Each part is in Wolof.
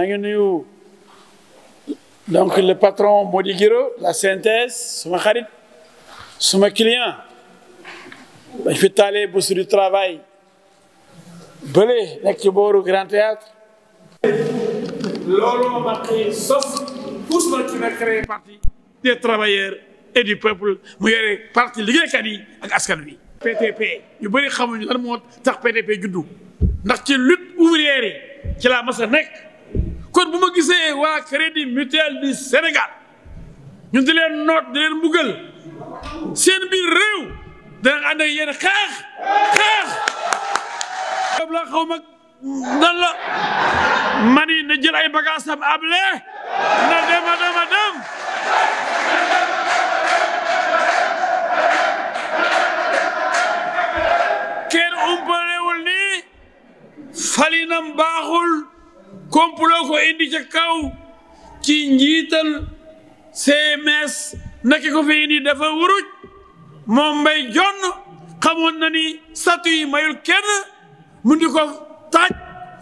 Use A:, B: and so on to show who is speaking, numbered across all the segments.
A: la ngi nuyu donc le patron Mody la synthèse suma xarit suma client bañ fi taalee bourse du travail bële nekk ci booru Grand Théâtre looloo ma sos tous ma ci na parti des travailleurs et du peuple mu yore parti liggéeykat yi ak PTP ñu bëri xamuñu lan moo PTP juddu ndax ci lutte ouvrière ci laa mas nekk kon bu ma gisee waa crédit mutuel du Sénégal ñu di leen noot di leen mbugal seen biir réew dana ànd ak yéen xeex xeex boobu la xaw ma nan la mani na jël ay bagage am na dema dema dem kenn umpalewul ni falinam baaxul complot ko indi ca kaw ci njiital CMS naka ko fi indi dafa wuruj moom mbay jonn xamoon na ni satu yi mayul kenn mu di taaj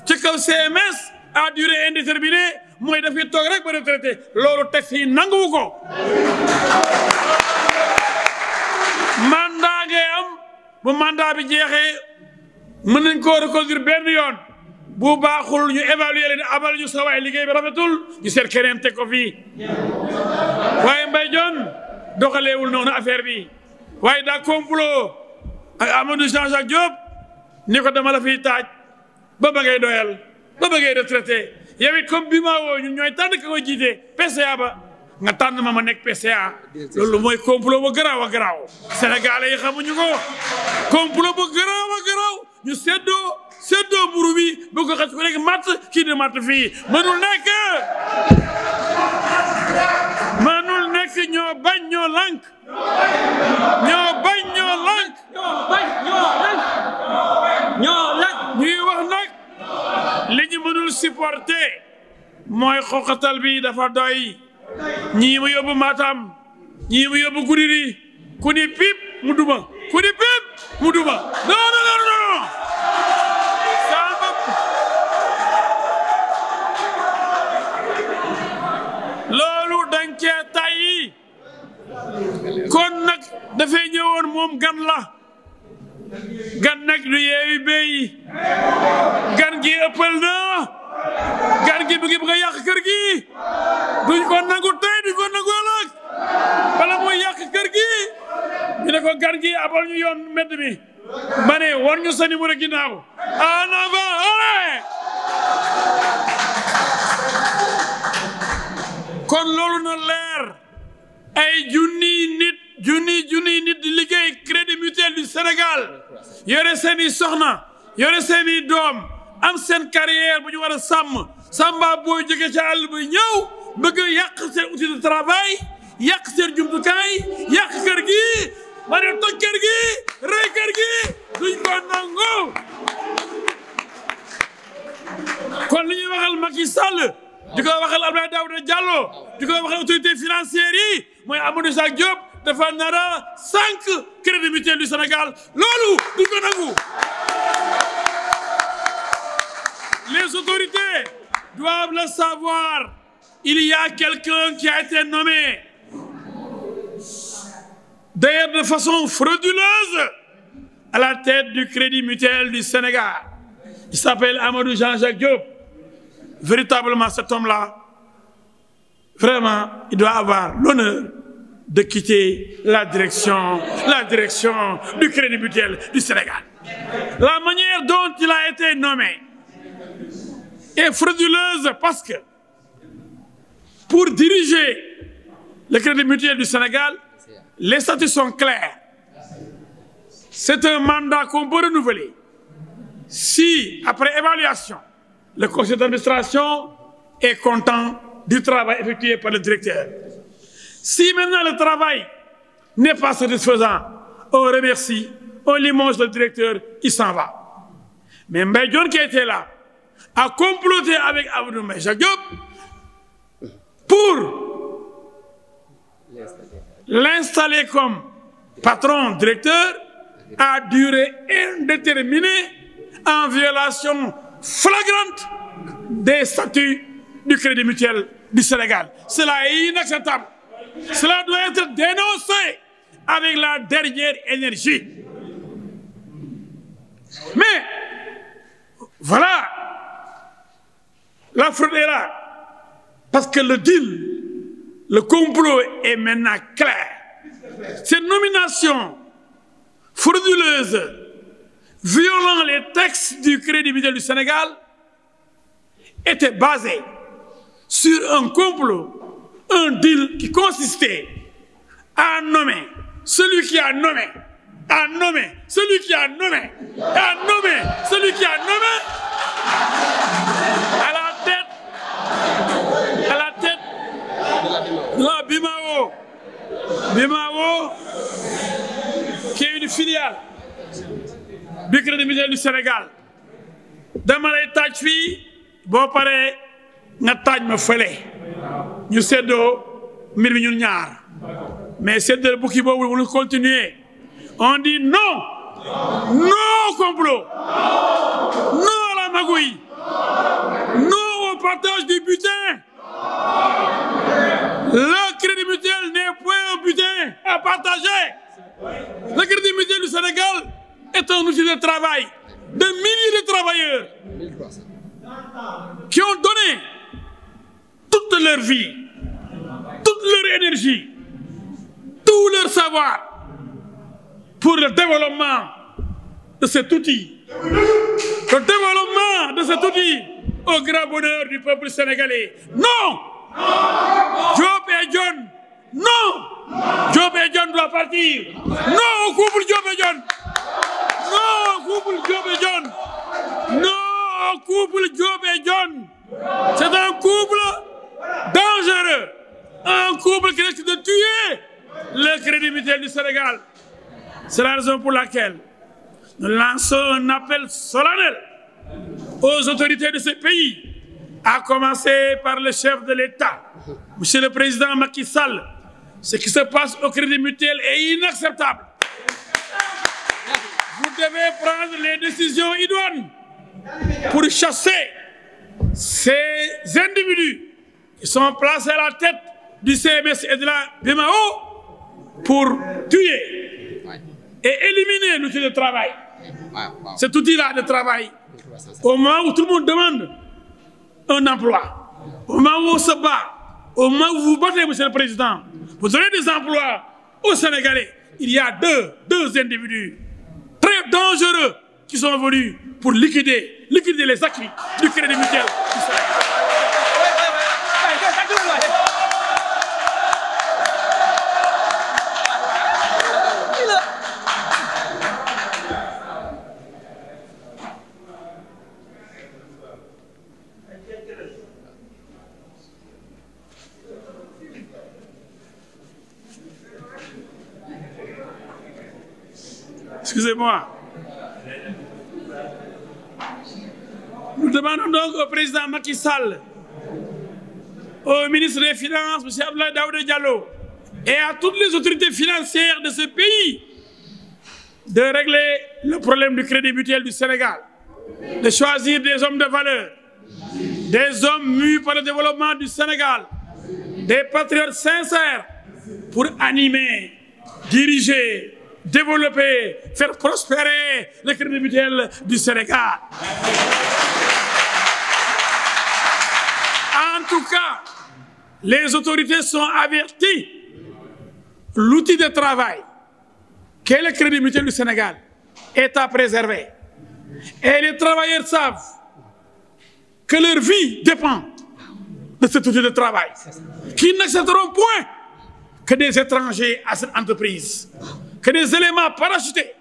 A: ca kaw CMS à durée indéterminée mooy dafay toog rek ba retraité loolu texte yi nanguwu ko mandat ngay am bu mandat bi jeexee mën nañ koo reconduire benn yoon bu baaxul ñu évaluer leen abal ñu sa waay liggéey bi rafetul ñu seet keneen teg ko fii waaye Mbaye Dione doxaleewul noonu affaire bi waaye daa complot ak Amadou Jean Jacques Diop ni ko dama la fiy taaj ba ba ngay doyal ba ba ngay retraité yow it comme woo ñun ñooy tànn ka jiite PCA ba nga tànn ma ma nekk PCA loolu mooy complot ba garaaw a garaaw sénégalais yi xamuñu ko complot ba garaaw a garaaw ñu seddoo seddoo buru bi bu ko xas ku nekk matt kii di matt fii mënul nekk mënul nekk ñoo bañ ñoo lànk ñoo bañ ñoo lànk ñoo bañ ñoo lànk ñoo lànk ñuy wax nag li ñu mënul supporter mooy xoqatal bi dafa doy ñii mu yóbbu Matam ñii mu yóbbu Goudiry ku ni pip mu duma ku ni pip mu duma non non non ëppal na gan gi bu ngi bëgg a kër gi duñ ko nangu tey duñ ko nangu ëllëg bala muy yàq kër gi ñu ne ko gan gi abal ñu yoon mbedd mi ma war ñu sa numéro ginnaaw en avant allez kon loolu na leer ay junni nit junni junni nit di liggéey crédit mutuel du Sénégal yore seeni soxna yore seeni doom am seen carrière bu ñu war a sàmm sàmba booy jógee ca àll bi ñëw bëgg a yàq seen outil de travail yàq seen jumtukaay yàq kër gi ma ne toj kër gi rey kër gi duñ ko nangu kon li ñuy waxal Macky Sall di ko waxal Abdoulaye Daouda Diallo di ko waxal autorité financière yi mooy Amadou Sa Diop dafa nara sànq crédibilité du Sénégal loolu duñ ko les autorités doivent le savoir. Il y a quelqu'un qui a été nommé. D'ailleurs, de façon frauduleuse, à la tête du Crédit Mutuel du Sénégal. Il s'appelle Amadou Jean-Jacques Diop. Véritablement, cet homme-là, vraiment, il doit avoir l'honneur de quitter la direction, la direction du Crédit Mutuel du Sénégal. La manière dont il a été nommé, est frauduleuse parce que pour diriger le Crédit mutuel du Sénégal, les statuts sont clairs. C'est un mandat qu'on peut renouveler. Si, après évaluation, le conseil d'administration est content du travail effectué par le directeur. Si maintenant le travail n'est pas satisfaisant, on remercie, on limoge le directeur, il s'en va. Mais Mbaye qui était là, à comploté avec Abdou Mbaye Diop pour l'installer comme patron directeur à durée indéterminée en violation flagrante des statuts du Crédit Mutuel du Sénégal. Cela est inacceptable. Cela doit être dénoncé avec la dernière énergie. La fraude est là. Parce que le deal, le complot est maintenant clair. Ces nominations frauduleuses violant les textes du Crédit mutuel du Sénégal étaient basées sur un complot, un deal qui consistait à nommer celui qui a nommé, à nommer celui qui a nommé, à nommer celui qui a nommé. la Bimao Bimao qui est du Crédit Mutuel du Sénégal dama lay taaj fi boo paree nga taaj ma fële ñu séddoo mbir mi ñun ñaar mais séddale bukki boobu mënu continuer on dit non non au non à la non au partage du butin Le crédit mutuel n'est point un butin à partager. Le crédit mutuel du Sénégal est un outil de travail de milliers de travailleurs qui ont donné toute leur vie, toute leur énergie, tout leur savoir pour le développement de cet outil. Le développement de cet outil au grand bonheur du peuple sénégalais. Non! Diop non Diop et John doit partir. Non au couple Diop et John. Non au couple Diop et John. C'est un couple dangereux. Un couple qui risque de tuer le crédit du Sénégal. C'est la raison pour laquelle nous lançons un appel solennel aux autorités de ce pays à commencer par le chef de l'État, Monsieur le Président Macky Sall. Ce qui se passe au Crédit Mutuel est inacceptable. Vous devez prendre les décisions idoines pour chasser ces individus qui sont placés à la tête du CMS et de la BMAO pour tuer et éliminer l'outil de travail. Cet outil-là de travail, au moment où tout le monde demande un emploi. Au moment se bat, au moment où vous battez, monsieur le président, vous aurez des emplois au Sénégalais. Il y a deux, deux individus très dangereux qui sont venus pour liquider, liquider les acquis du crédit Excusez-moi. Nous demandons donc au président Macky Sall, au ministre des Finances, M. Abdoulaye Daouda Diallo, et à toutes les autorités financières de ce pays de régler le problème du crédit mutuel du Sénégal, de choisir des hommes de valeur, des hommes mûs par le développement du Sénégal, des patriotes sincères pour animer, diriger, développer, faire prospérer le crédit mutuel du Sénégal. En tout cas, les autorités sont averties. L'outil de travail qu'est le crédit mutuel du Sénégal est à préserver. Et les travailleurs savent que leur vie dépend de cet outil de travail, qu'ils n'accepteront point que des étrangers à cette entreprise. que des éléments parachutés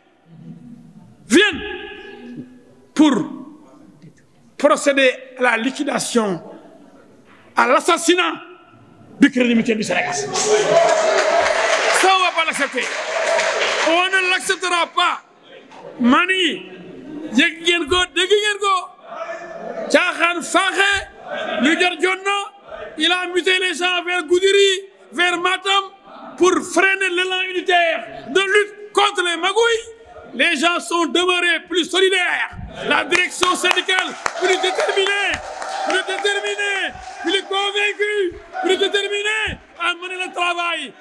A: viennent pour procéder à la liquidation, à l'assassinat du Crédit Mutuel du Sénégal. Ça, va pas l'accepter. On ne l'acceptera pas. Mani yëg ngeen ko dégg lu jar jot il a muté les gens vers Goudiri vers Matam pour freiner l'élan unitaire de lutte contre les magouilles, les gens sont demeurés plus solidaires, la direction syndicale plus déterminée, plus déterminée, plus convaincue, plus déterminée à mener le travail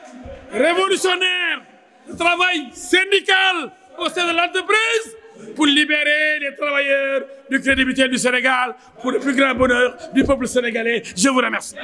A: révolutionnaire, le travail syndical au sein de l'entreprise pour libérer les travailleurs du crédibilité du Sénégal pour le plus grand bonheur du peuple sénégalais. Je vous remercie.